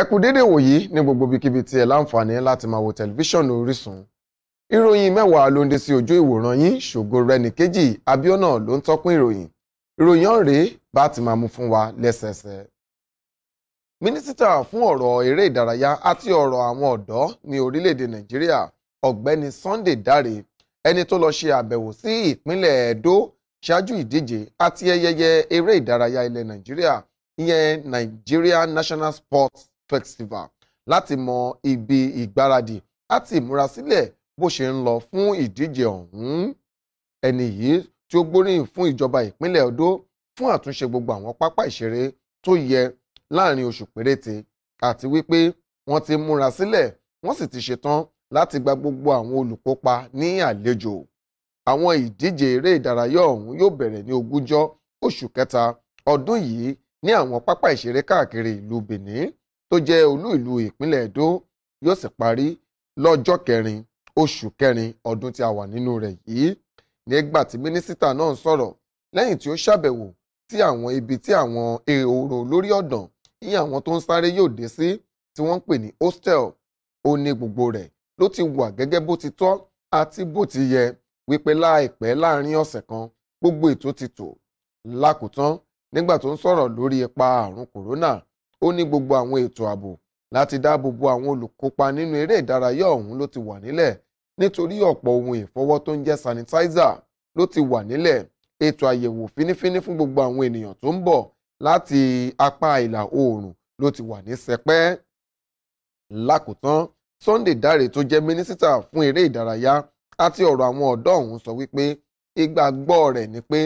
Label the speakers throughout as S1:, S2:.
S1: ẹ kú dédé wòyí ní gbogbo ibikíbi tí ẹ láǹfààní láti máa wo tẹlifíṣọ̀nù Orísun ìròyìn mẹ́wàá ló ń dé sí ojú ìwòran yín ṣògo rẹni kejì Abíọ́nà ló ń tọ́kún ìròyìn ìròyìn ọ̀rẹ́ bá ti máa mú fún wa lẹ́sẹẹsẹ. mínísítà fún ọ̀rọ̀ eré ìdárayá àti ọ̀rọ̀ àwọn ọ̀dọ́ ní orílẹ̀-èdè Nàìjíríà ọ̀gbẹ́ni Sunday Dare ẹni tó lọ ṣe àbẹ̀wò sí ìpínlẹ̀ Ẹdó ṣáájú ìdíje àti ẹyẹyẹ eré ìdárayá ilẹ̀ Nàìjíríà ìyẹn Nigeria National Sports Festival láti mọ ibi ìgbáradì àti ìmúrasílẹ̀ bó ṣe ń lọ fún ìdíje ọ̀hún ẹni yìí tí ó gbóríyìn fún ìjọba ìpínlẹ̀ Odò fún àtúnṣe gbogbo àwọn pápá ìṣeré tó yẹ láàrin oṣù péréte àti wípé wọ́n ti múra sílẹ̀ wọ́n sì ti ṣetán láti gba gbogbo àwọn olùkópa ní àlejò àwọn ìdíje eré ìdárayá ọ̀hún yóò bẹ̀rẹ̀ ní ogúnjọ́ oṣù kẹta ọdún yìí ní àwọn pápá ìṣeré káàkiri ìlú Benin tó jẹ́ olú ìlú ìpínlẹ̀ Èdó yóò sì parí lọ́jọ́ kẹrin oṣù kẹrin ọdún tí a wà nínú rẹ̀ yìí nígbà tí mínísítà náà sọ̀rọ̀ lẹ́yìn tí ó ṣàbẹ̀wò sí àwọn ibi tí àwọn èrò lórí ọ̀dàn ìyẹn àwọn tó ń sáré yóò dé sí tí wọ́n ń pè ní hostel ó ní gbogbo rẹ̀ ló ti wà gẹ́gẹ́ bó ti tọ́ àti bó ti yẹ wípé láìpẹ́ láàrin ọ̀sẹ̀ kan gbogbo ètò ti tò lákòótán nígbà tó ń sọ̀rọ̀ lórí ipa àrùn kòrónà ó ní gbogbo àwọn ètò ààbò láti dáàbò bo àwọn olùkópa nínú eré ìdárayá ọ̀hún ló ti wà nílẹ̀ nítorí ọ̀pọ̀ ohun ìfọwọ́ tó ń jẹ́ sanitizer ló ti wà nílẹ̀ ètò àyẹ̀wò fínífíní fún gbogbo àwọn ènìyàn tó ń bọ̀ láti apá ìlà oòrùn ló ti wà ní sẹpẹ́ lákòótán Sunday Dare tó jẹ́ mínísítà fún eré ìdárayá àti ọ̀rọ̀ àwọn ọ̀dọ́ ọ̀hún sọ wípé ìgbàgbọ́ rẹ̀ ni pé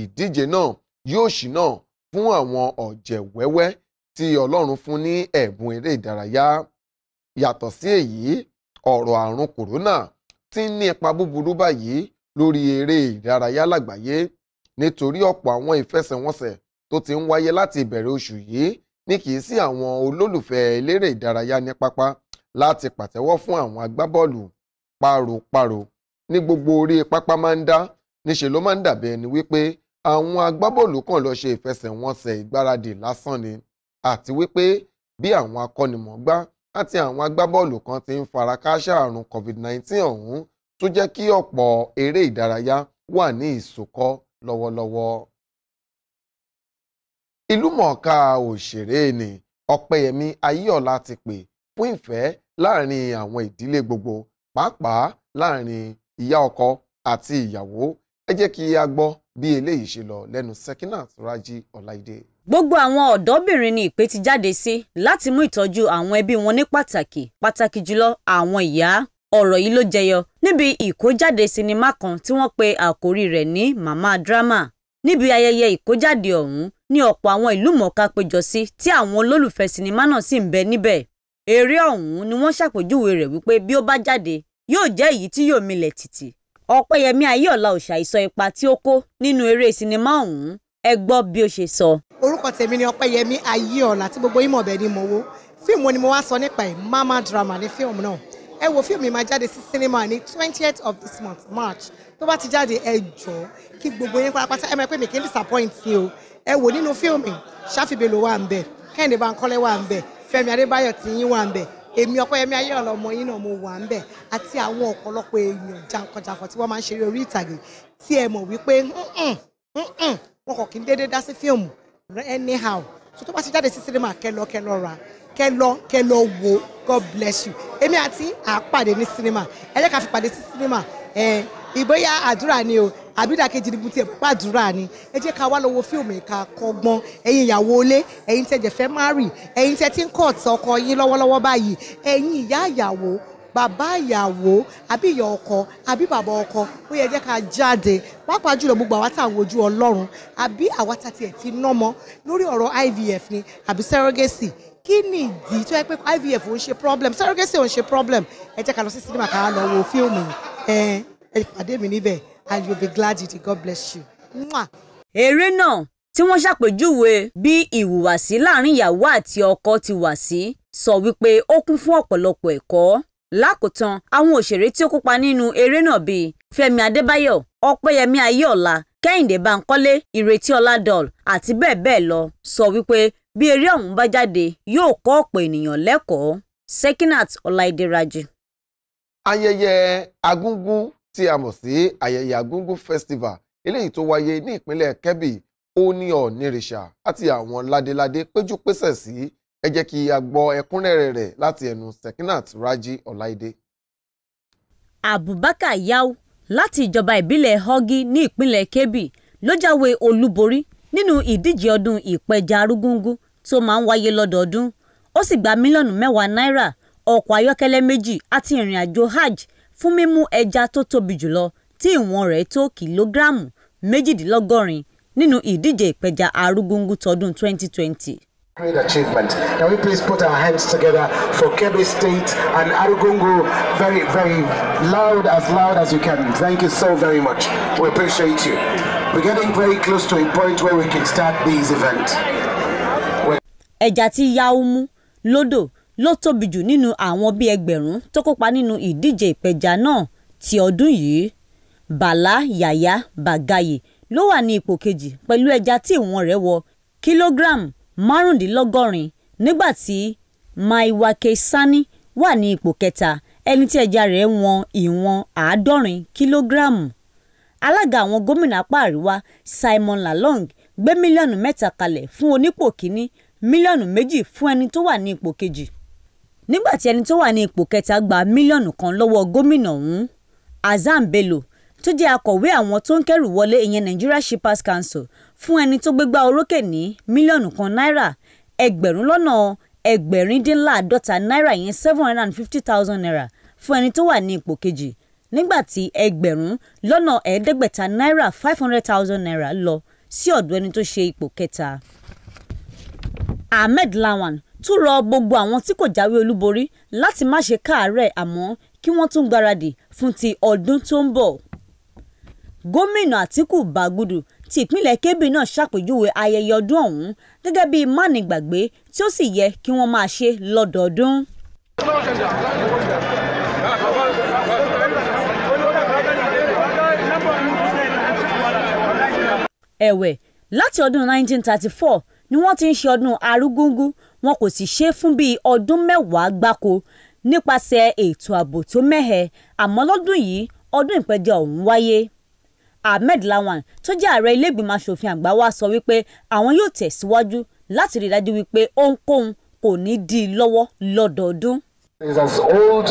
S1: ìdíje náà yóò ṣínà fún àwọn ọ̀jẹ̀ wẹ́wẹ́ tí Ọlọ́run fún ní ẹ̀bùn eré ìdárayá yàtọ̀ sí èyí ọ̀rọ̀ àrùn kòrónà ti ń ní ipa búburú báyìí lórí eré ìdárayá lágbàáyé nítorí ọ̀pọ̀ àwọn ìfẹsẹ̀wọnsẹ̀ tó ti ń wáyé láti ìbẹ̀rẹ̀ oṣù yìí ní kìí sí àwọn olólùfẹ́ eléré ìdárayá ní pápá láti pàtẹ́wọ́ fún àwọn agbábọ́ọ̀lù páropáro ní gbogbo orí pápá máa ń dá níṣe ló máa ń dàbí ẹni wípé àwọn agbábọ́ọ̀lù kàn lọ ṣe ìfẹsẹ̀wọnsẹ̀ ìgbáradì lásán ni àti wípé bí àwọn akọ́nimọ̀ọ́gbá àti àwọn agbábọ́ọ̀lù kan ti ń fara kááṣá àrùn covid-19 ọ̀hún tó jẹ́ kí ọ̀pọ̀ eré ìdárayá wà ní ìsòkọ́ lọ́wọ́lọ́wọ́. ìlúmọ̀ọ́ká òṣèré ni ọ̀pẹ̀yẹmí ayéọ̀lá ti pè fún ìfẹ́ láàrin àwọn ìdílé gbogbo pàápàá láàrin ìyá ọkọ àti ìyàwó ẹ jẹ́ kí a gbọ́ bí eléyìí ṣe lọ lẹ́nu Sekinat Raji Ọláìdé
S2: gbogbo àwọn ọ̀dọ́bìnrin ni ìpè ti jáde sí láti mú ìtọ́jú àwọn ẹbí wọn ní pàtàkì pàtàkì jùlọ àwọn ìyá ọ̀rọ̀ yìí ló jẹyọ níbi ìkójáde sinimá kan tí wọ́n pe àkórí rẹ̀ ní mama drama níbi ayẹyẹ ìkójáde ọ̀hún ní ọ̀pọ̀ àwọn ìlú mọ̀ọ́ká péjọ sí tí àwọn olólùfẹ́ sinimá náà sì ń bẹ níbẹ̀ eré ọ̀hún ni wọ́n ṣàpèjúwe rẹ̀ wípé bí ó bá jáde yóò jẹ́ èyí tí yóò milẹ̀ tìtì ọpẹ́yẹmí ayéọlá òṣà ìsọ ipa tí ó kó nínú eré sinimá ọ̀hún ẹ gbọ́ bí ó ṣe sọ. orúkọ tèmi ni ọpẹ́yẹmí ayéọlá tí gbogbo ìmọ̀ ọ̀bẹ
S3: ni mo wo fíìmù ni mo wá sọ nípa ẹ̀ mama drama ni fíìmù náà ẹ wo fíìmù máa jáde sí sinimá ní twentieth of this month march tó bá ti jáde ẹ jọ̀ọ́ kí gbogbo yín pátápátá ẹ máa pè mí kí n disappoint yín o ẹ wò nínú fíìmù ṣàfibèlò wà ń bẹ kẹ́hìndé bankole wà ń bẹ fẹ́mi adébáyọ̀ tìyín wà ń bẹ èmi ọpẹ́yẹmí ayéọlá ọmọ yín náà mo wà ń bẹ àti àwọn ọ̀pọ̀lọpọ̀ èèyàn jàǹkànjàǹkàn tí wọ́n máa ń ṣeré orí ìtàgé tí ẹ mọ̀ wípé wọn kò kí n déédéé dá sí fíìmù anyhow so tó bá ti jáde sí sinimá kẹ́ lọ ra kẹ́ lọ wo god bless you èmi àti àpàdé ní sinimá ẹ jẹ́ ká fi pàdé sí sinimá ẹ ìbóyá àdúrà ni o àbídàkejì ni bùtì ẹ̀pọ̀ àdúrà ni ẹ jẹ́ ká wá lọ wo fíìmù ìka kọ́gbọ́n ẹ̀yin ìyàwó ilé ẹ̀yin tẹ̀jẹ̀ fẹ́ márì ẹ̀yin tẹ̀ tí ń kọ̀ ọ̀tọ̀ ọkọ yín lọ́wọ́lọ́wọ́ báyìí ẹ̀yin ìyá ìyàwó bàbá ìyàwó àbí ìyá ọkọ àbí bàbá ọkọ ó yẹ jẹ́ ká jáde pàápàá jùlọ gbogbo àwa tá à ń wojú ọlọ́run àbí àwa tá tiẹ̀ ti nọ́mọ lórí ọ̀rọ̀ IVF ni àbí surrogacy kí ni ìdí tó yẹ pé IVF ò ń ṣe problem surrogacy ò ń ṣe problem ẹ jẹ́ ká lọ sí sinimá ká lọ wo fíìmù ẹ ẹ pàdé mi níbẹ̀ and you be glad you did God bless you. Mwah.
S2: eré náà tí wọ́n ṣàpèjúwe bí ìhùwàsí láàrin ìyàwó àti ọkọ ti wà sí sọ wípé ó kún fún ọ̀pọ̀lọpọ̀ ẹ̀kọ́ lákòótán àwọn òṣèré tí ó kópa nínú eré náà bíi Fẹ́mi Adébáyọ̀ Ọpẹ́yẹmí Ayéọlá Kẹ́hìndé Bánkọ́lé Ìrètí Ọládọ̀l àti bẹ́ẹ̀ bẹ́ẹ̀ lọ sọ wípé bí eré ọ̀hún bá jáde yóò kọ́ ọ̀pọ̀ ènìyàn lẹ́kọ̀ọ́ Sekinat Ọláìdẹ́rajì.
S1: ayẹyẹ Agungu tí a mọ̀ sí ayẹyẹ Agungu Festival eléyìí tó wáyé ní ìpínlẹ̀ Kebbi ó ní Ọ̀nìrìṣà àti àwọn ládéládé péjú pésẹ̀ sí ẹ jẹ́ kí a gbọ́ ẹ̀kúnrẹ́rẹ́ rẹ̀ láti ẹnu Sekinat Raji Ọláìdé.
S2: Abubakar Yau láti ìjọba ìbílẹ̀ Hogi ní ìpínlẹ̀ Kebbi ló jáwé olúborí nínú ìdíje ọdún ìpẹja arúgúngún tó máa ń wáyé lọ́dọọdún ó sì gba mílíọ̀nù mẹ́wàá náírà ọkọ̀ ayọ́kẹ́lẹ́ méjì àti ìrìn àjò hajj fún mímú ẹja tó tóbi jùlọ tí ìwọ̀n rẹ̀ tó kìlógíráàmù méjìdínlọ́gọ́rin nínú ìdíje ìpẹja arúgúngún tọdún 2020. Great achievement. Can we please put our hands together for Kebbi State and Arugungu very, very
S3: loud,
S1: as loud as you can. Thank you so very much. We appreciate you. We're getting very close to a point where we can start this event.
S2: ẹja tí yaumu lódò ló tóbi jù nínú àwọn bíi ẹgbẹ̀rún tó kópa nínú ìdíje ìpẹja náà ti ọdún yìí bàlá yàyà bàgáyè ló wà ní ipò kejì pẹ̀lú ẹja tí ìwọ̀n rẹ̀ wọ kìlógíráàmù márùndínlọ́gọ́rin nígbà tí maiwake sani wà ní ipò kẹta ẹni tí ẹja rẹ̀ wọn ìwọ̀n àádọ́rin kìlógíráàmù. alága àwọn gómìnà apá àríwá simon lalong gbé mílíọ̀nù mẹ́ta kalẹ̀ fún onípò kínní mílíọ̀nù méjì fún ẹni tó wà ní ipò kejì. nígbà tí ẹni tó wà ní ipò kẹta gba mílíọ̀nù kan lọ́wọ́ gómìnà ọ̀hún azam bello tó jẹ́ akọ̀wé àwọn tó ń kẹ́rù wọlé ìyẹn Nigeria Shippers Council fún ẹni tó gbégbá orókè ní mílíọ̀nù kan náírà ẹgbẹ̀rún lọ́nà ẹgbẹ̀rindínláàdọ́ta náírà yẹn seven hundred and fifty thousand naira fún ẹni tó wà ní ipò kejì nígbà tí ẹgbẹ̀rún lọ́nà ẹ̀ẹ́dẹ́gbẹ̀ta náírà five hundred thousand naira lọ sí ọ̀dọ̀ ẹni tó ṣe ipò kẹta. Ahmed Lawan tún rọ gbogbo àwọn tí kò jáwé olúborí láti má ṣe káàárẹ̀ àmọ́ kí wọ́n tún gbáradì fún ti ọdún tó ń bọ̀ gómìnà àtíkù bàgùdù ti ìpínlẹ̀ kébì náà ṣàpèjúwe ayẹyẹ ọdún ọ̀hún gẹ́gẹ́ bíi mánigbàgbé tí ó sì yẹ kí wọ́n máa ṣe lọ́dọọdún. ẹ̀wẹ̀ láti ọdún 1934 ni wọ́n ti ń ṣe ọdún arúgúngún wọn kò sì ṣe é fún bíi ọdún mẹ́wàá gbáko nípasẹ̀ ètò ààbò tó mẹ́hẹ àmọ́ lọ́dún yìí ọdún ìpẹja ọ̀hún wáyé. Ahmed Lawan tó jẹ́ ààrẹ ilé asòfin àgbà wa sọ wípé àwọn yóò tẹ̀síwájú láti rí dájú wípé ohunkóhun kò ní dí lọ́wọ́ lọ́dọọdún.
S1: is as old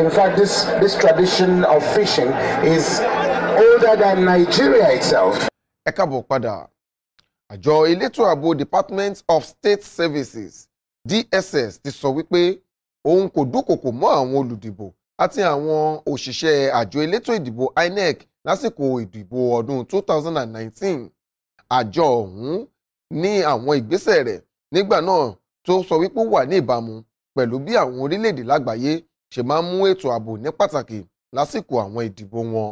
S1: in fact this this tradition of fishing is older than Nigeria itself. ẹ káàbọ̀ padà àjọ elétò ààbò Department of State Services DSS ti sọ wípé òun kò dúnkòkò mọ́ àwọn olùdìbò àti àwọn òṣìṣẹ́ àjọ elétò ìdìbò INEC lásìkò ìdìbò ọdún 2019 àjọ ọ̀hún ní àwọn ìgbésẹ̀ rẹ̀ nígbà náà tó sọ wípé ó wà ní ìbámu pẹ̀lú bí àwọn orílẹ̀-èdè lágbàáyé ṣe máa ń mú ètò ààbò ní pàtàkì lásìkò àwọn ìdìbò wọn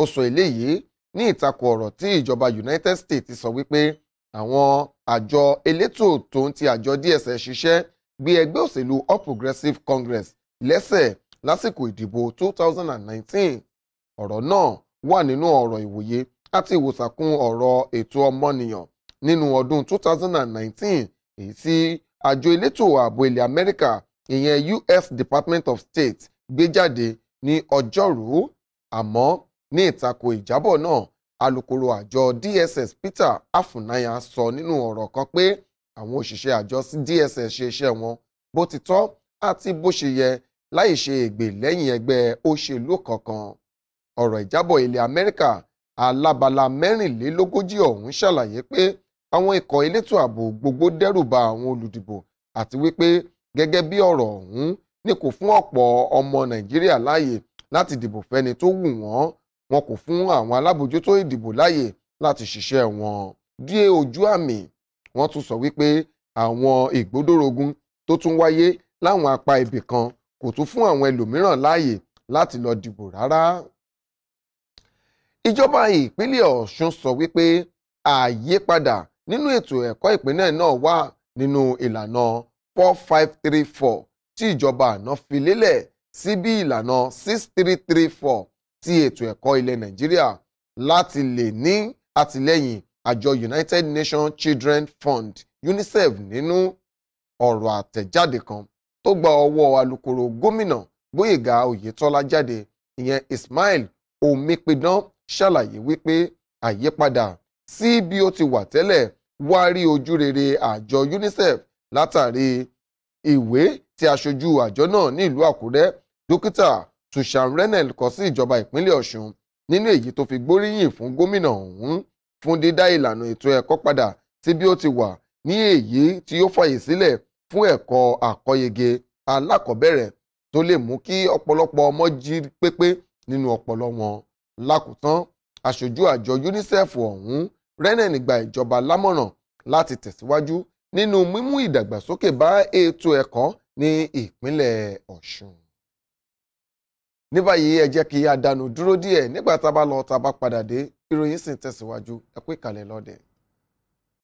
S1: ó sọ eléyìí ní ìtakò ọ̀rọ̀ tí ìjọba United States ti sọ wípé àwọn àjọ elétò tó ń ti àjọ DSS ṣiṣẹ́ gbé ẹgbẹ́ òṣèlú All Progressives Congress lẹ́sẹ̀ lásìkò ìdìbò 2019 ọ̀rọ̀ náà wà nínú ọ̀rọ̀ ìwòye àti ìwòsàkun ọ̀rọ̀ ètò ọmọnìyàn nínú ọdún 2019 èyí tí àjọ elétò ààbò ilẹ̀ Amẹ́ríkà ìyẹn US Department of State gbé jáde ní ọjọ́rú àmọ́ ní ìtako ìjábọ̀ náà alukoro àjọ DSS Peter Afunaya sọ nínú ọ̀rọ̀ kan pé àwọn òṣìṣẹ́ àjọ DSS ṣe iṣẹ́ wọn bó ti tọ́ àti bó ṣe yẹ láì ṣe ègbè lẹ́yìn ẹgbẹ́ òṣèlú kankan ọ̀rọ̀ ìjábọ̀ ilẹ̀ Amẹ́ríkà alábala mẹ́rìnlélógójì ọ̀hún ṣàlàyé pé àwọn ikọ̀ elétò ààbò gbogbo dẹ́rù ba àwọn olùdìbò àti wípé gẹ́gẹ́ bí ọ̀rọ̀ ọ̀hún ni kò fún ọ̀pọ̀ ọmọ Nàìjíríà láàyè láti dìbò fẹ́ni tó wù wọ́n wọn kò fún àwọn alábòjútó ìdìbò láàyè láti ṣiṣẹ́ wọn dé ojú àmì wọ́n tún sọ wípé àwọn ìgbódòrógún tó tún wáyé láwọn apá ibì kan kò tún fún àwọn ẹlòmíràn láàyè láti lọ dìbò rárá. ìjọba ìpínlẹ̀ Ọ̀ṣun sọ wípé àyípadà nínú ètò ẹ̀kọ́ ìpínlẹ̀ náà wà nínú ìlànà four five three four tí ìjọba àná fi lélẹ̀ sí bí ìlànà six three three four ti ètò ẹ̀kọ́ ilẹ̀ Nàìjíríà láti lè ní àtìlẹ́yìn àjọ United Nations Children Fund UNICEF nínú ọ̀rọ̀ àtẹ̀jáde kan tó gba ọwọ́ alukoro gómìnà Gbóyèga Oyètọ́lá jáde ìyẹn Ismail Omipidan ṣàlàyé wípé àyípadà sí bí ó ti wà tẹ́lẹ̀ wá rí ojú rere àjọ UNICEF látàrí ìwé tí aṣojú àjọ náà ní ìlú Àkúrẹ́ dókítà Susan Renel kọ sí ìjọba ìpínlẹ̀ Ọ̀ṣun nínú èyí tó fi gbóríyìn fún gómìnà ọ̀hún fún dídá ìlànà ètò ẹ̀kọ́ padà sí bí ó ti wà ní èyí tí ó fàyè sílẹ̀ fún ẹ̀kọ́ àkọ́yege alákọ̀ọ́bẹ̀rẹ̀ tó lè mú kí ọ̀pọ̀lọpọ̀ ọmọ jí pépé nínú ọpọlọ wọn lákòótán aṣojú àjọ UNICEF ọ̀hún renan gba ìjọba lámọ̀ràn láti tẹ̀síwájú nínú mímú ìdàgbàsókè bá ètò ẹ̀kọ́ ní ìpínlẹ̀ Ọ̀ṣun. ní báyìí ẹ jẹ́ kí a dánu dúró díẹ̀ nígbà tá a bá lọ tá a bá padà dé ìròyìn sì ń tẹ̀síwájú ẹ kú ìkàlẹ̀ lọ́dẹ̀ẹ́.